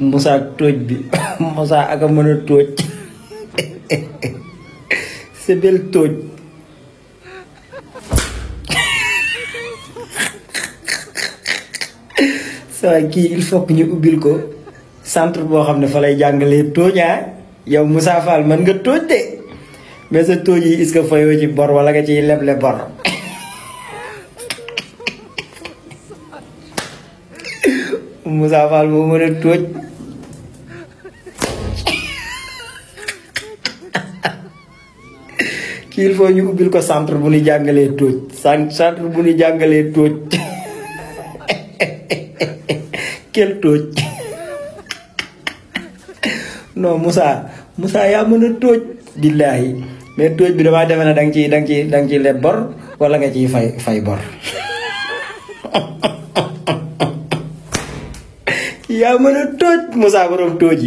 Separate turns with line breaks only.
musa toj bi Moussa ak a mën a toj c'est bel toj
saa kii il faut que ñu ubbil ko centre boo xam fa lay jàngalee tooñ ah, yow Moussa Fall mën nga toj de mais sa yi est-ce que ci bor wala nga ciy leble bor Moussa Fall toj il faut ñu ubbil ko centre bu ñu jàngalee tóoj centre bu ñu jàngalee tóoj kel tóoj non Moussa Moussa yaa mën a tóoj billaahi mais tóoj bi damaa demee ne da nga dang da dang ciy da bor wala nga ciy fay fay bor
yaa mën a Moussa borom tóoj